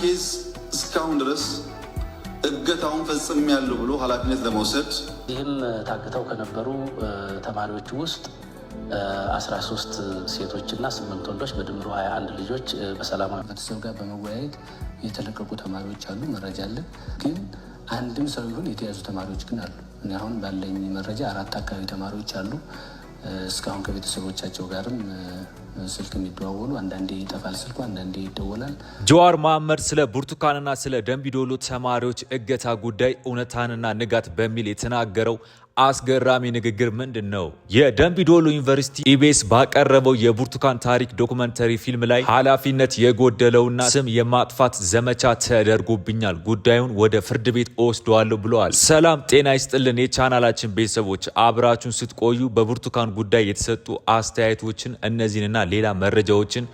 ኬዝ እስካሁን ድረስ እገታውን ፈጽም ያለው ብሎ ኃላፊነት ለመውሰድ ይህም ታግተው ከነበሩ ተማሪዎች ውስጥ 13 ሴቶችና 8 ወንዶች በድምሩ 21 ልጆች በሰላማዊ ቤተሰብ ጋር በመወያየት የተለቀቁ ተማሪዎች አሉ። መረጃ አለን። ግን አንድም ሰው ይሁን የተያዙ ተማሪዎች ግን አሉ። አሁን ባለኝ መረጃ አራት አካባቢ ተማሪዎች አሉ። እስካሁን ከቤተሰቦቻቸው ጋርም ስልክ የሚደዋወሉ አንዳንዴ ይጠፋል ስልኩ፣ አንዳንዴ ይደወላል። ጀዋር መሐመድ ስለ ብርቱካንና ስለ ደምቢዶሎ ተማሪዎች እገታ ጉዳይ እውነታንና ንጋት በሚል የተናገረው አስገራሚ ንግግር ምንድን ነው? የደምቢዶሎ ዩኒቨርሲቲ ኢቤስ ባቀረበው የብርቱካን ታሪክ ዶኩመንተሪ ፊልም ላይ ኃላፊነት የጎደለውና ስም የማጥፋት ዘመቻ ተደርጎብኛል፣ ጉዳዩን ወደ ፍርድ ቤት ወስደዋለሁ ብለዋል። ሰላም ጤና ይስጥልን የቻናላችን ቤተሰቦች፣ አብራችሁን ስትቆዩ በብርቱካን ጉዳይ የተሰጡ አስተያየቶችን እነዚህንና ሌላ መረጃዎችን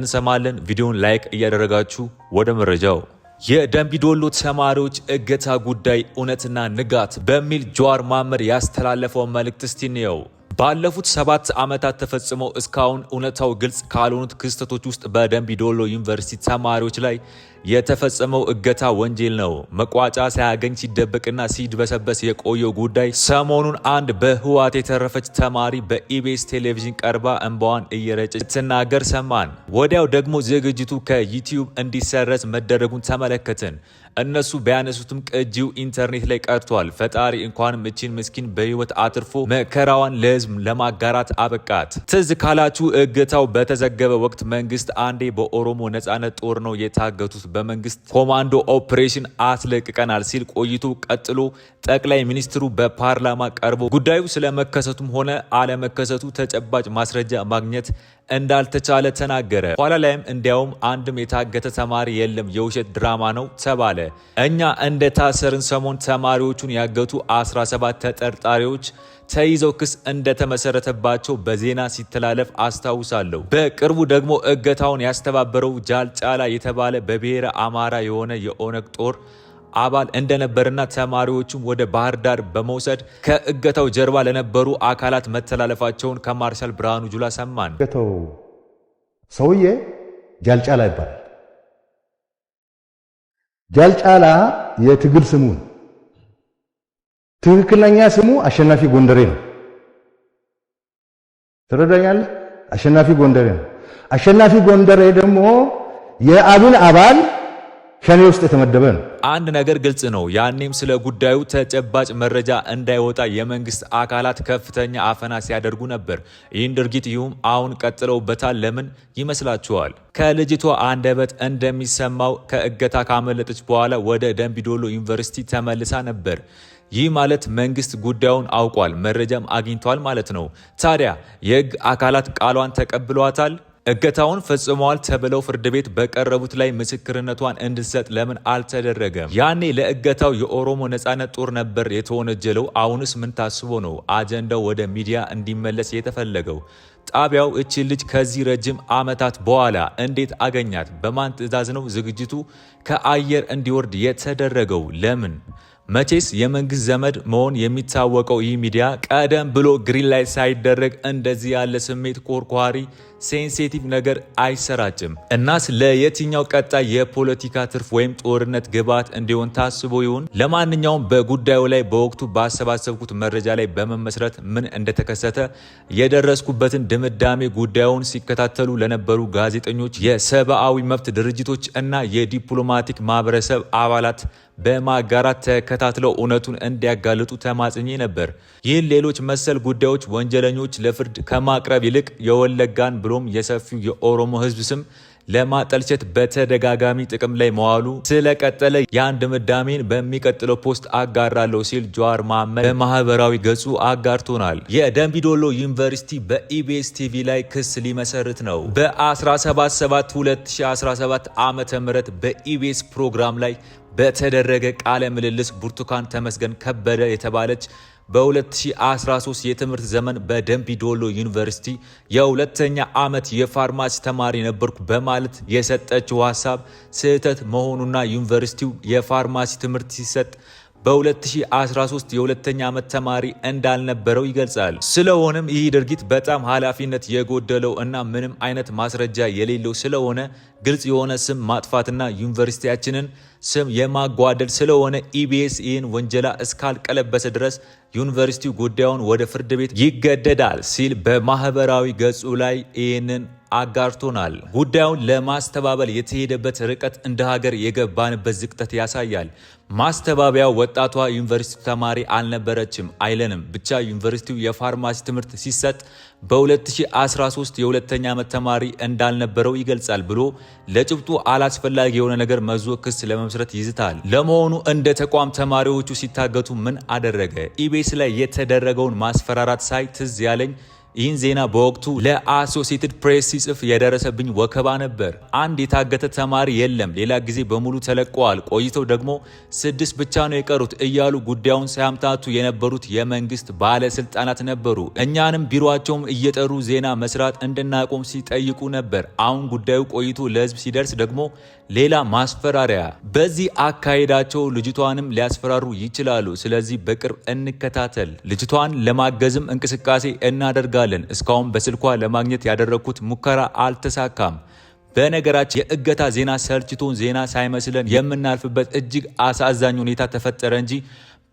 እንሰማለን። ቪዲዮን ላይክ እያደረጋችሁ ወደ መረጃው የደንቢዶሎ ተማሪዎች እገታ ጉዳይ እውነትና ንጋት በሚል ጀዋር መሐመድ ያስተላለፈው መልእክት እስቲ እንየው። ባለፉት ሰባት ዓመታት ተፈጽመው እስካሁን እውነታው ግልጽ ካልሆኑት ክስተቶች ውስጥ በደንቢዶሎ ዩኒቨርሲቲ ተማሪዎች ላይ የተፈጸመው እገታ ወንጀል ነው። መቋጫ ሳያገኝ ሲደበቅና ሲድበሰበስ የቆየው ጉዳይ ሰሞኑን አንድ በህዋት የተረፈች ተማሪ በኢቢኤስ ቴሌቪዥን ቀርባ እንባዋን እየረጨች ስትናገር ሰማን። ወዲያው ደግሞ ዝግጅቱ ከዩቲዩብ እንዲሰረዝ መደረጉን ተመለከትን። እነሱ ቢያነሱትም ቅጂው ኢንተርኔት ላይ ቀርቷል። ፈጣሪ እንኳንም እችን ምስኪን በህይወት አትርፎ መከራዋን ለህዝብ ለማጋራት አበቃት። ትዝ ካላችሁ እገታው በተዘገበ ወቅት መንግስት አንዴ በኦሮሞ ነጻነት ጦር ነው የታገቱት በመንግስት ኮማንዶ ኦፕሬሽን አስለቅቀናል ሲል ቆይቶ ቀጥሎ ጠቅላይ ሚኒስትሩ በፓርላማ ቀርቦ ጉዳዩ ስለመከሰቱም ሆነ አለመከሰቱ ተጨባጭ ማስረጃ ማግኘት እንዳልተቻለ ተናገረ። ኋላ ላይም እንዲያውም አንድም የታገተ ተማሪ የለም፣ የውሸት ድራማ ነው ተባለ። እኛ እንደ ታሰርን ሰሞን ተማሪዎቹን ያገቱ 17 ተጠርጣሪዎች ተይዘው ክስ እንደተመሰረተባቸው በዜና ሲተላለፍ አስታውሳለሁ። በቅርቡ ደግሞ እገታውን ያስተባበረው ጃልጫላ የተባለ በብሔረ አማራ የሆነ የኦነግ ጦር አባል እንደነበርና ተማሪዎቹም ወደ ባህር ዳር በመውሰድ ከእገታው ጀርባ ለነበሩ አካላት መተላለፋቸውን ከማርሻል ብርሃኑ ጁላ ሰማን። እገታው ሰውዬ ጃልጫላ ይባላል። ጃልጫላ የትግል ስሙን ትክክለኛ ስሙ አሸናፊ ጎንደሬ ነው። ትረዳኛለህ? አሸናፊ ጎንደሬ ነው። አሸናፊ ጎንደሬ ደግሞ የአብን አባል ሸኔ ውስጥ የተመደበ ነው። አንድ ነገር ግልጽ ነው። ያኔም ስለ ጉዳዩ ተጨባጭ መረጃ እንዳይወጣ የመንግስት አካላት ከፍተኛ አፈና ሲያደርጉ ነበር። ይህን ድርጊት ይሁም አሁን ቀጥለውበታል። ለምን ይመስላችኋል? ከልጅቷ አንደበት እንደሚሰማው ከእገታ ካመለጠች በኋላ ወደ ደምቢዶሎ ዩኒቨርሲቲ ተመልሳ ነበር። ይህ ማለት መንግስት ጉዳዩን አውቋል፣ መረጃም አግኝቷል ማለት ነው። ታዲያ የህግ አካላት ቃሏን ተቀብሏታል? እገታውን ፈጽመዋል ተብለው ፍርድ ቤት በቀረቡት ላይ ምስክርነቷን እንድትሰጥ ለምን አልተደረገም? ያኔ ለእገታው የኦሮሞ ነጻነት ጦር ነበር የተወነጀለው። አሁንስ ምን ታስቦ ነው አጀንዳው ወደ ሚዲያ እንዲመለስ የተፈለገው? ጣቢያው እቺ ልጅ ከዚህ ረጅም ዓመታት በኋላ እንዴት አገኛት? በማን ትዕዛዝ ነው ዝግጅቱ ከአየር እንዲወርድ የተደረገው? ለምን መቼስ የመንግስት ዘመድ መሆን የሚታወቀው ይህ ሚዲያ ቀደም ብሎ ግሪን ላይት ሳይደረግ እንደዚህ ያለ ስሜት ኮርኳሪ ሴንሴቲቭ ነገር አይሰራጭም። እናስ ለየትኛው ቀጣይ የፖለቲካ ትርፍ ወይም ጦርነት ግብዓት እንዲሆን ታስቦ ይሆን? ለማንኛውም በጉዳዩ ላይ በወቅቱ ባሰባሰብኩት መረጃ ላይ በመመስረት ምን እንደተከሰተ የደረስኩበትን ድምዳሜ ጉዳዩን ሲከታተሉ ለነበሩ ጋዜጠኞች፣ የሰብአዊ መብት ድርጅቶች እና የዲፕሎማቲክ ማህበረሰብ አባላት በማጋራት ተከታትለው እውነቱን እንዲያጋልጡ ተማጽኜ ነበር። ይህን ሌሎች መሰል ጉዳዮች ወንጀለኞች ለፍርድ ከማቅረብ ይልቅ የወለጋን ብሎም የሰፊው የኦሮሞ ሕዝብ ስም ለማጠልቸት በተደጋጋሚ ጥቅም ላይ መዋሉ ስለቀጠለ ያን ድምዳሜን በሚቀጥለው ፖስት አጋራለሁ ሲል ጀዋር መሐመድ በማህበራዊ ገጹ አጋርቶናል። የደንቢዶሎ ዩኒቨርሲቲ በኢቢኤስ ቲቪ ላይ ክስ ሊመሰርት ነው። በ177 2017 ዓ ም በኢቢኤስ ፕሮግራም ላይ በተደረገ ቃለ ምልልስ ብርቱካን ተመስገን ከበደ የተባለች በ2013 የትምህርት ዘመን ዶሎ ዩኒቨርሲቲ የሁለተኛ ዓመት የፋርማሲ ተማሪ ነበርኩ በማለት የሰጠችው ሀሳብ ስህተት መሆኑና ዩኒቨርሲቲው የፋርማሲ ትምህርት ሲሰጥ በ2013 የሁለተኛ ዓመት ተማሪ እንዳልነበረው ይገልጻል። ስለሆነም ይህ ድርጊት በጣም ኃላፊነት የጎደለው እና ምንም አይነት ማስረጃ የሌለው ስለሆነ ግልጽ የሆነ ስም ማጥፋትና ዩኒቨርሲቲያችንን ስም የማጓደል ስለሆነ ኢቢኤስ ይህን ወንጀላ እስካልቀለበሰ ድረስ ዩኒቨርሲቲው ጉዳዩን ወደ ፍርድ ቤት ይገደዳል ሲል በማህበራዊ ገጹ ላይ ይህንን አጋርቶናል። ጉዳዩን ለማስተባበል የተሄደበት ርቀት እንደ ሀገር የገባንበት ዝቅጠት ያሳያል። ማስተባበያው ወጣቷ ዩኒቨርሲቲ ተማሪ አልነበረችም አይለንም። ብቻ ዩኒቨርሲቲው የፋርማሲ ትምህርት ሲሰጥ በ2013 የሁለተኛ ዓመት ተማሪ እንዳልነበረው ይገልጻል ብሎ ለጭብጡ አላስፈላጊ የሆነ ነገር መዞ ክስ ለመመስረት ይዝታል። ለመሆኑ እንደ ተቋም ተማሪዎቹ ሲታገቱ ምን አደረገ? ኢቢኤስ ላይ የተደረገውን ማስፈራራት ሳይ ትዝ ያለኝ ይህን ዜና በወቅቱ ለአሶሲየትድ ፕሬስ ሲጽፍ የደረሰብኝ ወከባ ነበር። አንድ የታገተ ተማሪ የለም፣ ሌላ ጊዜ በሙሉ ተለቀዋል፣ ቆይተው ደግሞ ስድስት ብቻ ነው የቀሩት እያሉ ጉዳዩን ሳያምታቱ የነበሩት የመንግስት ባለስልጣናት ነበሩ። እኛንም ቢሮቸውም እየጠሩ ዜና መስራት እንድናቆም ሲጠይቁ ነበር። አሁን ጉዳዩ ቆይቶ ለህዝብ ሲደርስ ደግሞ ሌላ ማስፈራሪያ። በዚህ አካሄዳቸው ልጅቷንም ሊያስፈራሩ ይችላሉ። ስለዚህ በቅርብ እንከታተል። ልጅቷን ለማገዝም እንቅስቃሴ እናደርጋል። እንፈልጋለን። እስካሁን በስልኳ ለማግኘት ያደረግኩት ሙከራ አልተሳካም። በነገራችን የእገታ ዜና ሰልችቶን ዜና ሳይመስለን የምናልፍበት እጅግ አሳዛኝ ሁኔታ ተፈጠረ እንጂ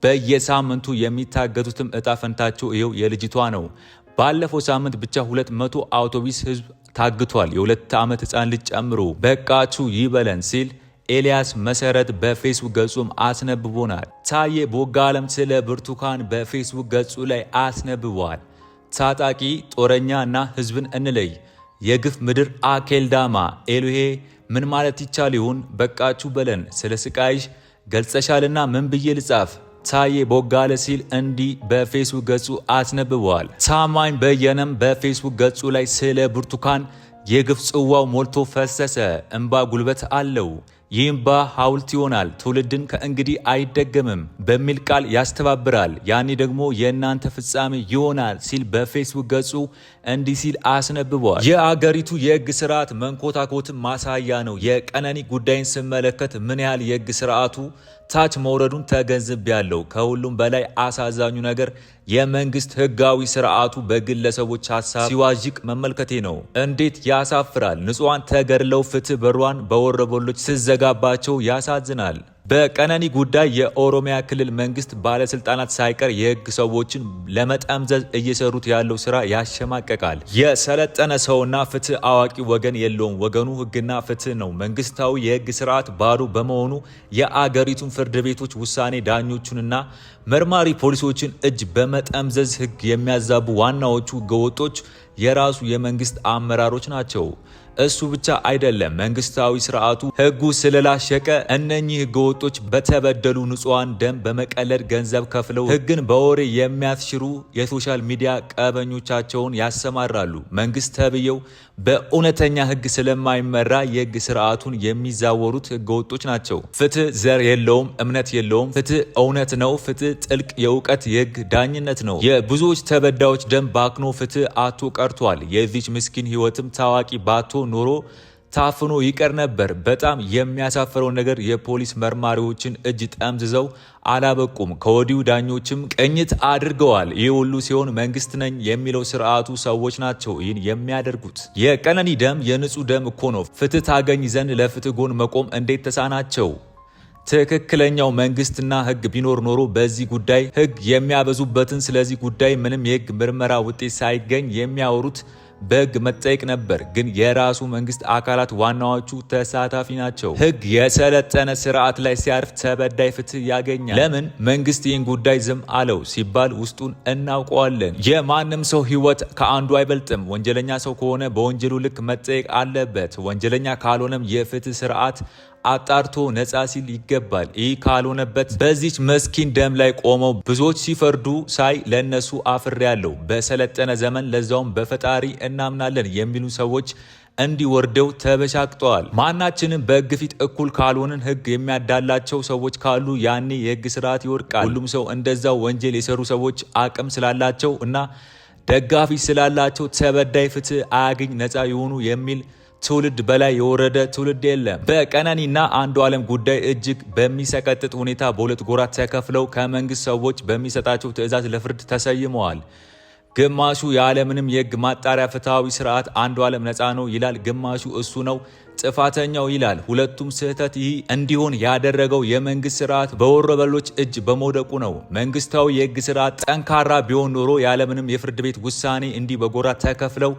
በየሳምንቱ የሚታገቱትም እጣ ፈንታቸው ይኸው የልጅቷ ነው። ባለፈው ሳምንት ብቻ 200 መቶ አውቶቡስ ህዝብ ታግቷል። የሁለት ዓመት ህፃን ልጅ ጨምሮ በቃችሁ ይበለን ሲል ኤልያስ መሰረት በፌስቡክ ገጹም አስነብቦናል። ታዬ ቦጋለም ስለ ብርቱካን በፌስቡክ ገጹ ላይ አስነብቧል። ታጣቂ ጦረኛ እና ህዝብን እንለይ። የግፍ ምድር አኬልዳማ ኤሉሄ ምን ማለት ይቻል ይሆን? በቃችሁ በለን ስለ ስቃይሽ ገልጸሻልና ምን ብዬ ልጻፍ? ታዬ ቦጋለ ሲል እንዲህ በፌስቡክ ገጹ አስነብበዋል። ታማኝ በየነም በፌስቡክ ገጹ ላይ ስለ ብርቱካን የግፍ ጽዋው ሞልቶ ፈሰሰ። እንባ ጉልበት አለው ይህምባ ሐውልት ይሆናል፣ ትውልድን ከእንግዲህ አይደገምም በሚል ቃል ያስተባብራል። ያኔ ደግሞ የእናንተ ፍጻሜ ይሆናል ሲል በፌስቡክ ገጹ እንዲህ ሲል አስነብቧል። የአገሪቱ የህግ ስርዓት መንኮታኮትን ማሳያ ነው። የቀነኒ ጉዳይን ስመለከት ምን ያህል የህግ ስርዓቱ ታች መውረዱን ተገንዝቤያለሁ። ከሁሉም በላይ አሳዛኙ ነገር የመንግስት ህጋዊ ስርዓቱ በግለሰቦች ሀሳብ ሲዋዥቅ መመልከቴ ነው። እንዴት ያሳፍራል! ንጹሐን ተገድለው ፍትህ በሯን በወረበሎች ስዘጋባቸው ያሳዝናል። በቀነኒ ጉዳይ የኦሮሚያ ክልል መንግስት ባለስልጣናት ሳይቀር የህግ ሰዎችን ለመጠምዘዝ እየሰሩት ያለው ስራ ያሸማቀቃል። የሰለጠነ ሰውና ፍትህ አዋቂ ወገን የለውም። ወገኑ ህግና ፍትህ ነው። መንግስታዊ የህግ ስርዓት ባዶ በመሆኑ የአገሪቱን ፍርድ ቤቶች ውሳኔ ዳኞቹንና መርማሪ ፖሊሶችን እጅ በመጠምዘዝ ህግ የሚያዛቡ ዋናዎቹ ህገወጦች የራሱ የመንግስት አመራሮች ናቸው። እሱ ብቻ አይደለም። መንግስታዊ ስርዓቱ ህጉ ስለላሸቀ እነኚህ ህገወጦች በተበደሉ ንጹሐን ደም በመቀለድ ገንዘብ ከፍለው ህግን በወሬ የሚያስሽሩ የሶሻል ሚዲያ ቀበኞቻቸውን ያሰማራሉ። መንግስት ተብዬው በእውነተኛ ህግ ስለማይመራ የህግ ስርዓቱን የሚዛወሩት ህገወጦች ናቸው። ፍትህ ዘር የለውም፣ እምነት የለውም። ፍትህ እውነት ነው። ፍትህ ጥልቅ የእውቀት የህግ ዳኝነት ነው። የብዙዎች ተበዳዮች ደም ባክኖ ፍትህ አቶ ቀር ቀርቷል። የዚች ምስኪን ህይወትም ታዋቂ ባቶ ኖሮ ታፍኖ ይቀር ነበር። በጣም የሚያሳፍረው ነገር የፖሊስ መርማሪዎችን እጅ ጠምዝዘው አላበቁም። ከወዲሁ ዳኞችም ቅኝት አድርገዋል። ይህ ሁሉ ሲሆን መንግስት ነኝ የሚለው ስርዓቱ ሰዎች ናቸው ይህን የሚያደርጉት። የቀነኒ ደም የንጹህ ደም እኮ ነው። ፍትህ ታገኝ ዘንድ ለፍትህ ጎን መቆም እንዴት ተሳናቸው? ትክክለኛው መንግስትና ህግ ቢኖር ኖሮ በዚህ ጉዳይ ህግ የሚያበዙበትን ስለዚህ ጉዳይ ምንም የህግ ምርመራ ውጤት ሳይገኝ የሚያወሩት በህግ መጠየቅ ነበር። ግን የራሱ መንግስት አካላት ዋናዎቹ ተሳታፊ ናቸው። ህግ የሰለጠነ ስርዓት ላይ ሲያርፍ ተበዳይ ፍትህ ያገኛል። ለምን መንግስት ይህን ጉዳይ ዝም አለው ሲባል ውስጡን እናውቀዋለን። የማንም ሰው ህይወት ከአንዱ አይበልጥም። ወንጀለኛ ሰው ከሆነ በወንጀሉ ልክ መጠየቅ አለበት። ወንጀለኛ ካልሆነም የፍትህ ስርዓት አጣርቶ ነጻ ሲል ይገባል። ይህ ካልሆነበት በዚች መስኪን ደም ላይ ቆመው ብዙዎች ሲፈርዱ ሳይ ለእነሱ ያለው በሰለጠነ ዘመን ለዛውም በፈጣሪ እናምናለን የሚሉ ሰዎች እንዲወርደው ተበሻቅጠዋል። ማናችንም በግፊት ፊት እኩል ካልሆንን ህግ የሚያዳላቸው ሰዎች ካሉ ያኔ የህግ ስርዓት ይወድቃል። ሁሉም ሰው እንደዛው ወንጀል የሰሩ ሰዎች አቅም ስላላቸው እና ደጋፊ ስላላቸው ተበዳይ ፍትህ አያገኝ ነፃ የሆኑ የሚል ትውልድ በላይ የወረደ ትውልድ የለም። በቀነኒና አንዱ ዓለም ጉዳይ እጅግ በሚሰቀጥጥ ሁኔታ በሁለት ጎራ ተከፍለው ከመንግስት ሰዎች በሚሰጣቸው ትዕዛዝ ለፍርድ ተሰይመዋል። ግማሹ የዓለምንም የህግ ማጣሪያ ፍትሐዊ ስርዓት አንዱ ዓለም ነፃ ነው ይላል፣ ግማሹ እሱ ነው ጥፋተኛው ይላል። ሁለቱም ስህተት። ይህ እንዲሆን ያደረገው የመንግስት ስርዓት በወረበሎች እጅ በመውደቁ ነው። መንግስታዊ የህግ ስርዓት ጠንካራ ቢሆን ኖሮ የዓለምንም የፍርድ ቤት ውሳኔ እንዲህ በጎራ ተከፍለው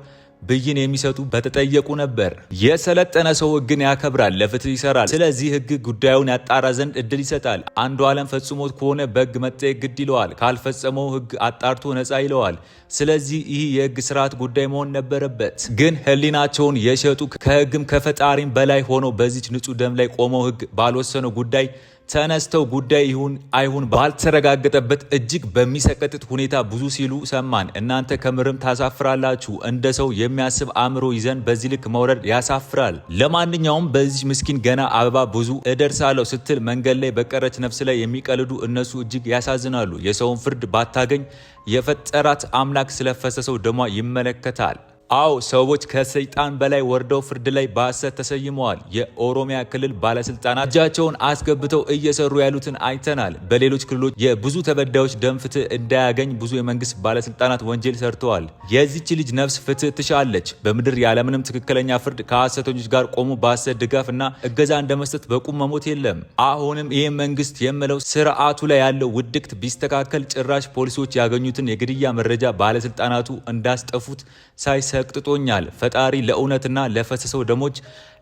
ብይን የሚሰጡ በተጠየቁ ነበር። የሰለጠነ ሰው ህግን ያከብራል፣ ለፍትህ ይሰራል። ስለዚህ ህግ ጉዳዩን ያጣራ ዘንድ እድል ይሰጣል። አንዱ አለም ፈጽሞት ከሆነ በህግ መጠየቅ ግድ ይለዋል። ካልፈጸመው ህግ አጣርቶ ነፃ ይለዋል። ስለዚህ ይህ የህግ ስርዓት ጉዳይ መሆን ነበረበት። ግን ህሊናቸውን የሸጡ ከህግም ከፈጣሪም በላይ ሆነው በዚች ንጹህ ደም ላይ ቆመው ህግ ባልወሰነው ጉዳይ ተነስተው ጉዳይ ይሁን አይሁን ባልተረጋገጠበት እጅግ በሚሰቀጥጥ ሁኔታ ብዙ ሲሉ ሰማን። እናንተ ከምርም ታሳፍራላችሁ። እንደ ሰው የሚያስብ አእምሮ ይዘን በዚህ ልክ መውረድ ያሳፍራል። ለማንኛውም በዚህ ምስኪን ገና አበባ ብዙ እደርሳለሁ ስትል መንገድ ላይ በቀረች ነፍስ ላይ የሚቀልዱ እነሱ እጅግ ያሳዝናሉ። የሰውን ፍርድ ባታገኝ የፈጠራት አምላክ ስለፈሰሰው ደሟ ይመለከታል። አዎ ሰዎች ከሰይጣን በላይ ወርደው ፍርድ ላይ በሐሰት ተሰይመዋል። የኦሮሚያ ክልል ባለስልጣናት እጃቸውን አስገብተው እየሰሩ ያሉትን አይተናል። በሌሎች ክልሎች የብዙ ተበዳዮች ደም ፍትህ እንዳያገኝ ብዙ የመንግስት ባለስልጣናት ወንጀል ሰርተዋል። የዚች ልጅ ነፍስ ፍትህ ትሻለች። በምድር ያለምንም ትክክለኛ ፍርድ ከሐሰተኞች ጋር ቆሞ በሐሰት ድጋፍ እና እገዛ እንደመስጠት በቁም መሞት የለም። አሁንም ይህ መንግስት የምለው ስርዓቱ ላይ ያለው ውድቅት ቢስተካከል ጭራሽ ፖሊሶች ያገኙትን የግድያ መረጃ ባለስልጣናቱ እንዳስጠፉት ሳይሰቅጥጦኛል። ፈጣሪ ለእውነትና ለፈሰሰው ደሞች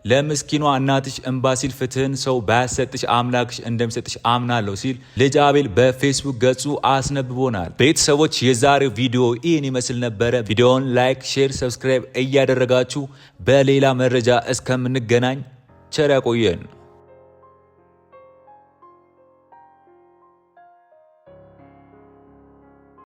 ለምስኪኗ እናትሽ እምባ ሲል ፍትህን ሰው ባያሰጥሽ አምላክሽ እንደሚሰጥሽ አምናለሁ ሲል ልጅ አቤል በፌስቡክ ገጹ አስነብቦናል። ቤተሰቦች የዛሬው ቪዲዮ ይህን ይመስል ነበረ። ቪዲዮውን ላይክ፣ ሼር፣ ሰብስክራይብ እያደረጋችሁ በሌላ መረጃ እስከምንገናኝ ቸር ያቆየን።